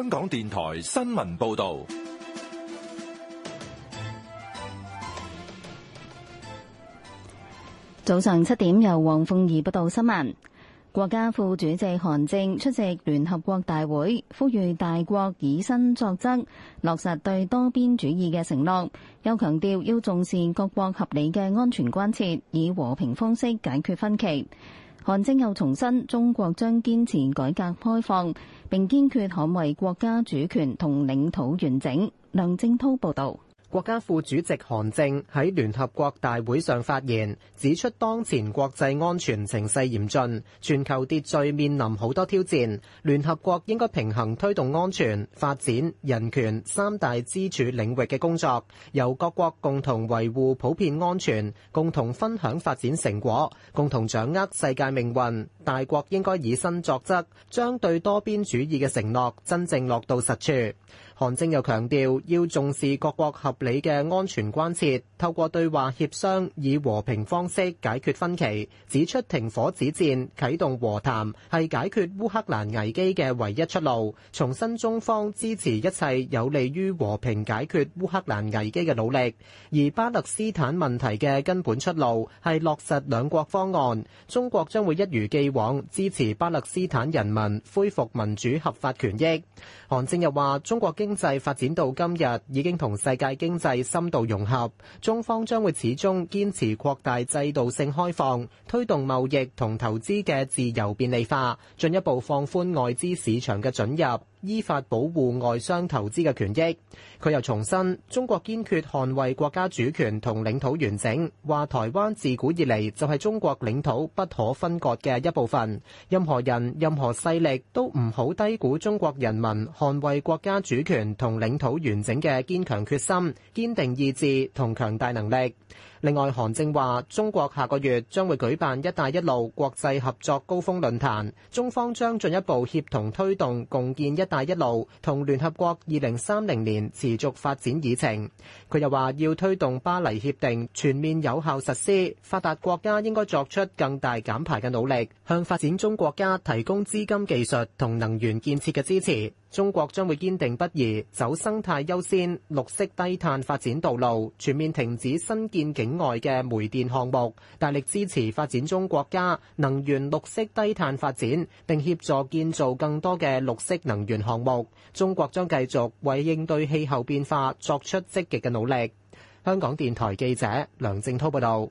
香港電台新聞報道，早上七點由黃鳳儀報道新聞。國家副主席韓正出席聯合國大會，呼籲大國以身作則，落實對多邊主義嘅承諾，又強調要重視各國合理嘅安全關切，以和平方式解決分歧。韓正又重申，中國將堅持改革開放，並堅決捍衛國家主權同領土完整。梁正濤報道。國家副主席韓正喺聯合國大會上發言，指出當前國際安全情勢嚴峻，全球秩序面臨好多挑戰。聯合國應該平衡推動安全、發展、人權三大支柱領域嘅工作，由各國共同維護普遍安全，共同分享發展成果，共同掌握世界命運。大國應該以身作則，將對多邊主義嘅承諾真正落到實處。」韓正又強調要重視各國合理的安全關切，透過對話協商以和平方式解決分歧，指出停火止戰啟動和談，是解決烏克蘭危機的唯一出路，重申中方支持一切有利於和平解決烏克蘭危機的努力。而巴勒斯坦問題的根本出路，是落實兩國方案，中國將會一如既往支持巴勒斯坦人民恢復民主合法權益。韓正又話，中國經經濟發展到今日，已經同世界經濟深度融合。中方將會始終堅持擴大制度性開放，推動貿易同投資嘅自由便利化，進一步放寬外資市場嘅准入。依法保護外商投資嘅權益。佢又重申，中國堅決捍衛國家主權同領土完整，話台灣自古以嚟就係中國領土不可分割嘅一部分。任何人、任何勢力都唔好低估中國人民捍衛國家主權同領土完整嘅堅強決心、堅定意志同強大能力。另外，韓正話中國下個月將會舉辦「一帶一路」國際合作高峰論壇，中方將進一步協同推動共建「一帶一路」同聯合國二零三零年持續發展議程。佢又話要推動巴黎協定全面有效實施，發達國家應該作出更大減排嘅努力，向發展中國家提供資金、技術同能源建設嘅支持。中國將會堅定不移走生態優先、綠色低碳發展道路，全面停止新建境外嘅煤電項目，大力支持發展中國家能源綠色低碳發展，並協助建造更多嘅綠色能源項目。中國將繼續為應對氣候變化作出積極嘅努力。香港電台記者梁靜滔報道。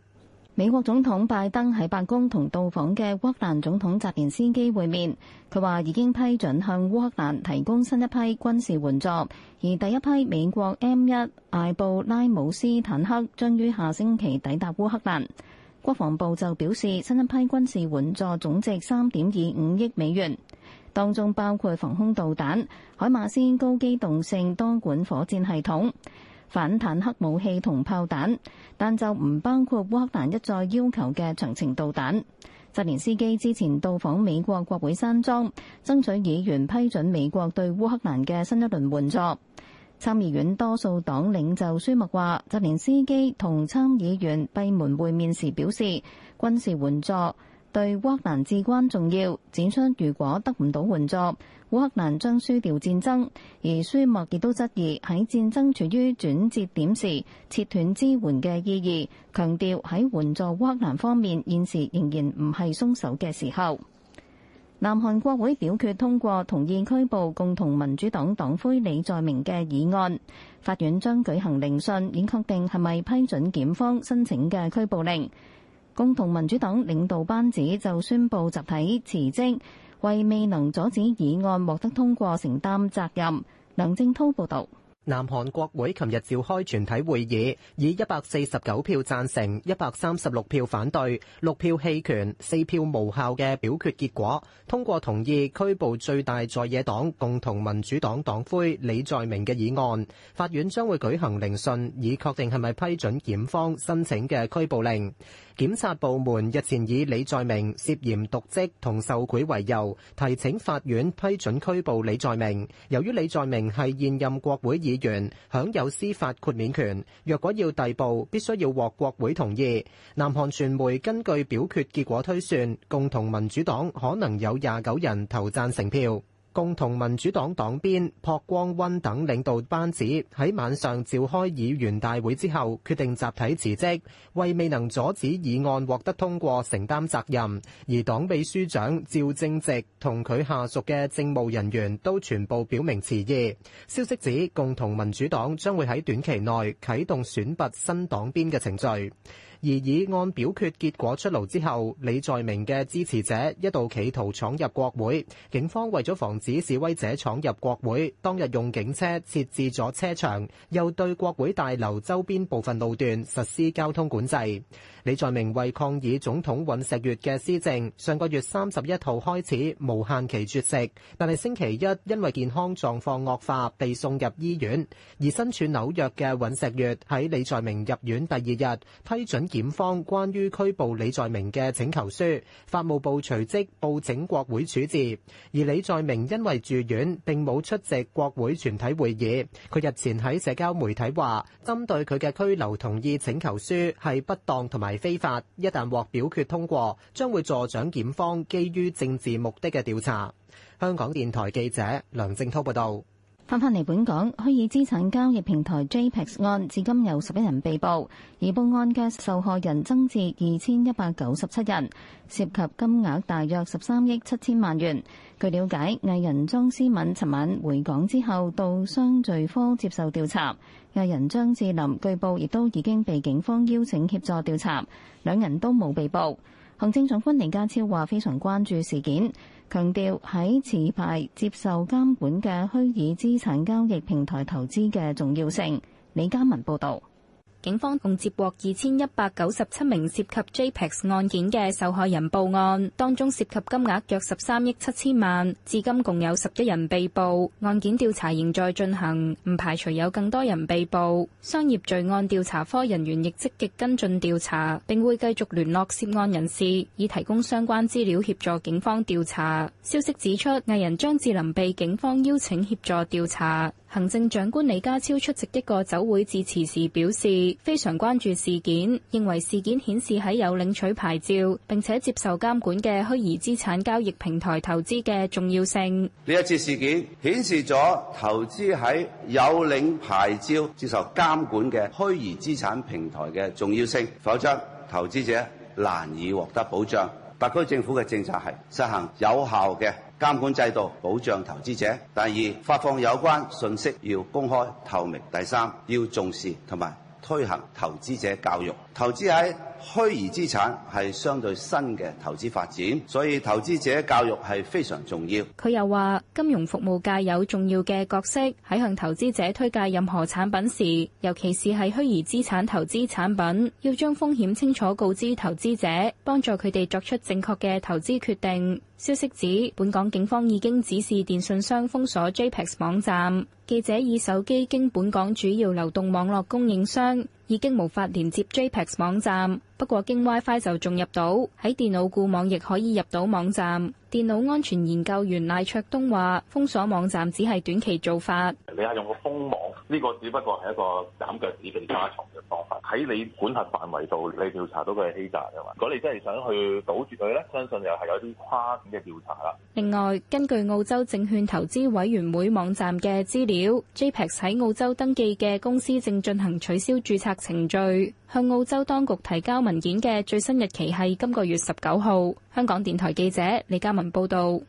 美國總統拜登喺白宮同到訪嘅烏克蘭總統澤連斯基會面，佢話已經批准向烏克蘭提供新一批軍事援助，而第一批美國 M1 艾布拉姆斯坦克將於下星期抵達烏克蘭。國防部就表示，新一批軍事援助總值三點二五億美元，當中包括防空導彈、海馬斯高機動性多管火箭系統。反坦克武器同炮彈，但就唔包括烏克蘭一再要求嘅長程導彈。澤連斯基之前到訪美國國會山莊，爭取議員批准美國對烏克蘭嘅新一輪援助。參議院多數黨領袖舒默話，澤連斯基同參議員閉門會面時表示，軍事援助。對烏克蘭至關重要。展商如果得唔到援助，烏克蘭將輸掉戰爭。而舒默亦都質疑喺戰爭處於轉折點時，切斷支援嘅意義。強調喺援助烏克蘭方面，現時仍然唔係鬆手嘅時候。南韓國會表決通過同意拘捕共同民主黨黨魁李在明嘅議案。法院將舉行聆訊，以確定係咪批准檢方申請嘅拘捕令。共同民主黨領導班子就宣布集體辭職，為未能阻止議案獲得通過承擔責任。梁正濤報道。南韓國會琴日召開全體會議以一百四十九票讚成、一百三十六票反對、六票棄權、四票無效嘅表決結果，通過同意拘捕最大在野黨共同民主黨黨魁李在明嘅議案。法院將會舉行聆訊以確定係咪批准檢方申請嘅拘捕令。檢察部門日前以李在明涉嫌瀆職同受賄為由，提請法院批准拘捕李在明。由於李在明係現任國會議員，享有司法豁免權，若果要逮捕，必須要獲國會同意。南韓傳媒根據表決結果推算，共同民主黨可能有廿九人投贊成票。共同民主黨黨鞭朴光溫等領導班子喺晚上召開議員大會之後決定集體辭職，為未能阻止議案獲得通過承擔責任。而黨秘書長趙正直同佢下屬嘅政務人員都全部表明辭意。消息指，共同民主黨將會喺短期內啟動選拔新黨鞭嘅程序。而以按表決結果出爐之後，李在明嘅支持者一度企圖闖入國會，警方為咗防止示威者闖入國會，當日用警車設置咗車場，又對國會大樓周邊部分路段實施交通管制。李在明為抗議總統尹錫悅嘅施政，上個月三十一號開始無限期絕食，但係星期一因為健康狀況惡化被送入醫院。而身處紐約嘅尹錫悅喺李在明入院第二日批准。檢方關於拘捕李在明嘅請求書，法務部隨即報請國會處置。而李在明因為住院，並冇出席國會全體會議。佢日前喺社交媒體話，針對佢嘅拘留同意請求書係不當同埋非法。一旦獲表決通過，將會助長檢方基於政治目的嘅調查。香港電台記者梁正濤報道。翻返嚟本港，虛擬資產交易平台 JPEX 案至今有十一人被捕，而報案嘅受害人增至二千一百九十七人，涉及金額大約十三億七千萬元。據了解，藝人莊思敏尋晚回港之後，到商聚科接受調查。藝人張智霖據報亦都已經被警方邀請協助調查，兩人都冇被捕。行政長官李家超話：非常關注事件。強調喺持牌接受監管嘅虛擬資產交易平台投資嘅重要性。李嘉文報道。警方共接獲二千一百九十七名涉及 JPEX 案件嘅受害人報案，當中涉及金額約十三億七千萬。至今共有十一人被捕，案件調查仍在進行，唔排除有更多人被捕。商業罪案調查科人員亦積極跟進調查，並會繼續聯絡涉案人士，以提供相關資料協助警方調查。消息指出，藝人張智霖被警方邀請協助調查。行政長官李家超出席一個酒會致辭時表示，非常關注事件，認為事件顯示喺有領取牌照並且接受監管嘅虛擬資產交易平台投資嘅重要性。呢一次事件顯示咗投資喺有領牌照、接受監管嘅虛擬資產平台嘅重要性，否則投資者難以獲得保障。特區政府嘅政策係實行有效嘅。監管制度保障投資者。第二，發放有關信息要公開透明。第三，要重視同埋推行投資者教育。投資喺虛擬資產係相對新嘅投資發展，所以投資者教育係非常重要。佢又話，金融服務界有重要嘅角色喺向投資者推介任何產品時，尤其是係虛擬資產投資產品，要將風險清楚告知投資者，幫助佢哋作出正確嘅投資決定。消息指，本港警方已經指示電信商封鎖 JPEX 網站，記者以手機經本港主要流動網絡供應商。已經無法連接 JPEX 網站。不過經 WiFi 就仲入到，喺電腦固網亦可以入到網站。電腦安全研究員賴卓東話：封鎖網站只係短期做法。你係用個封網，呢個只不過係一個斬腳趾避沙蟲嘅方法。喺你管轄範圍度，你調查到佢係欺詐嘅嘛。如果你真係想去堵住佢呢，相信又係有啲跨境嘅調查啦。另外，根據澳洲證券投資委員會網站嘅資料，JPEX 喺澳洲登記嘅公司正進行取消註冊程序，向澳洲當局提交文。文件嘅最新日期係今個月十九號，香港電台記者李嘉文報道。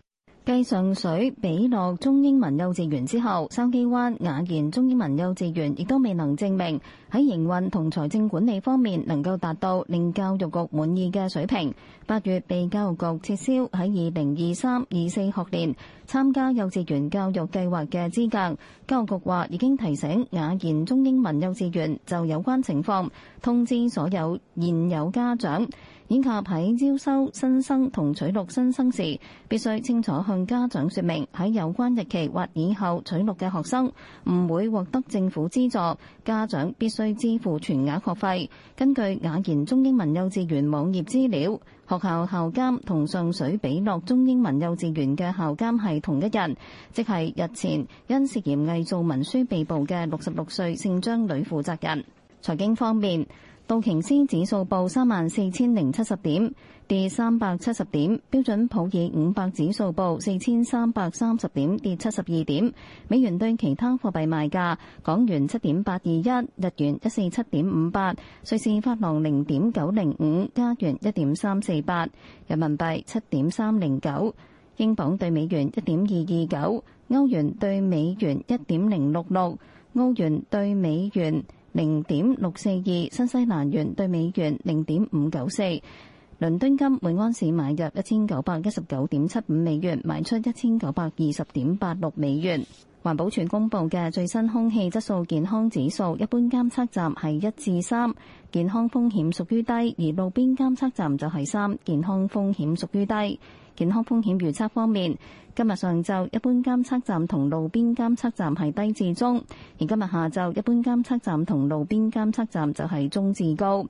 繼上水比樂中英文幼稚園之後，筲箕灣雅賢中英文幼稚園亦都未能證明喺營運同財政管理方面能夠達到令教育局滿意嘅水平。八月被教育局撤銷喺二零二三、二四學年參加幼稚園教育計劃嘅資格。教育局話已經提醒雅賢中英文幼稚園就有關情況通知所有現有家長。以及喺招收新生同取錄新生時，必須清楚向家長說明，喺有關日期或以後取錄嘅學生唔會獲得政府資助，家長必須支付全額學費。根據雅言中英文幼稚園網頁資料，學校校監同上水比樂中英文幼稚園嘅校監係同一人，即係日前因涉嫌偽造文書被捕嘅六十六歲姓張女負責人。財經方面。道瓊斯指數報三萬四千零七十點，跌三百七十點。標準普爾五百指數報四千三百三十點，跌七十二點。美元對其他貨幣賣價：港元七點八二一，日元一四七點五八，瑞士法郎零點九零五，加元一點三四八，人民幣七點三零九，英鎊對美元一點二二九，歐元對美元一點零六六，歐元對美元零點六四二，42, 新西蘭元對美元零點五九四，倫敦金每安士買入一千九百一十九點七五美元，賣出一千九百二十點八六美元。環保署公布嘅最新空氣質素健康指數，一般監測站係一至三，健康風險屬於低；而路邊監測站就係三，健康風險屬於低。健康風險預測方面，今日上晝一般監測站同路邊監測站係低至中；而今日下晝一般監測站同路邊監測站就係中至高。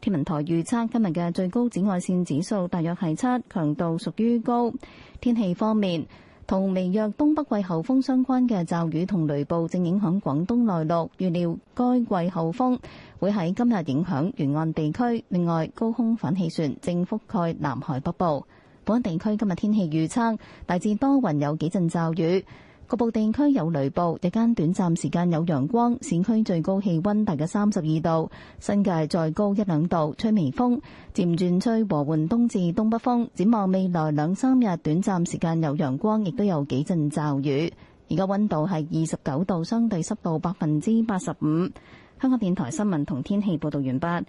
天文台預測今日嘅最高紫外線指數大約係七，強度屬於高。天氣方面。同微弱東北季候風相關嘅驟雨同雷暴正影響廣東內陸，預料該季候風會喺今日影響沿岸地區，另外，高空反氣旋正覆蓋南海北部，本地區今日天氣預測大致多雲有幾陣驟雨。局部地區有雷暴，日間短暫時間有陽光，市區最高氣溫大概三十二度，新界再高一兩度，吹微風，漸轉吹和緩東至東北風，展望未來兩三日，短暫時間有陽光，亦都有幾陣驟雨。而家溫度係二十九度，相對濕度百分之八十五。香港電台新聞同天氣報道完畢。